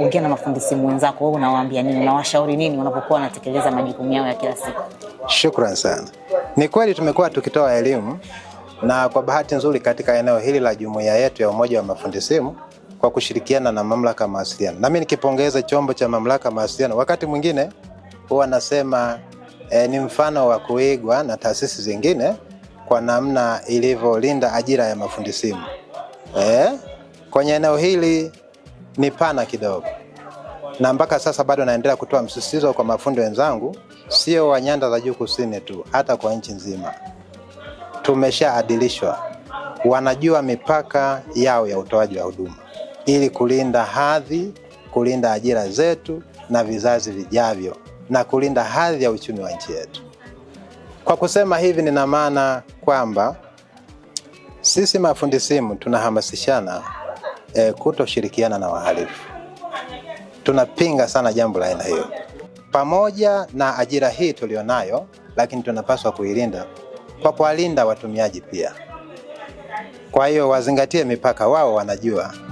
ongea na mafundisi mwenzako, wenzako, wewe unawaambia nini? Unawashauri nini wanapokuwa wanatekeleza majukumu yao ya kila siku? Shukran sana. Ni kweli tumekuwa tukitoa elimu na kwa bahati nzuri katika eneo hili la jumuiya yetu ya Umoja wa Mafundi Simu kwa kushirikiana na Mamlaka Mawasiliano, nami nikipongeza chombo cha Mamlaka Mawasiliano. Wakati mwingine huwa nasema e, ni mfano wa kuigwa na taasisi zingine kwa namna ilivyolinda ajira ya mafundi simu e, kwenye eneo hili ni pana kidogo, na mpaka sasa bado naendelea kutoa msisitizo kwa mafundi wenzangu, sio wa nyanda za juu kusini tu, hata kwa nchi nzima. Tumeshaadilishwa, wanajua mipaka yao ya utoaji wa huduma ili kulinda hadhi, kulinda ajira zetu na vizazi vijavyo, na kulinda hadhi ya uchumi wa nchi yetu. Kwa kusema hivi, nina maana kwamba sisi mafundi simu tunahamasishana e, kutoshirikiana na wahalifu. Tunapinga sana jambo la aina hiyo. Pamoja na ajira hii tulionayo, lakini tunapaswa kuilinda kwa kuwalinda watumiaji pia. Kwa hiyo wazingatie mipaka, wao wanajua.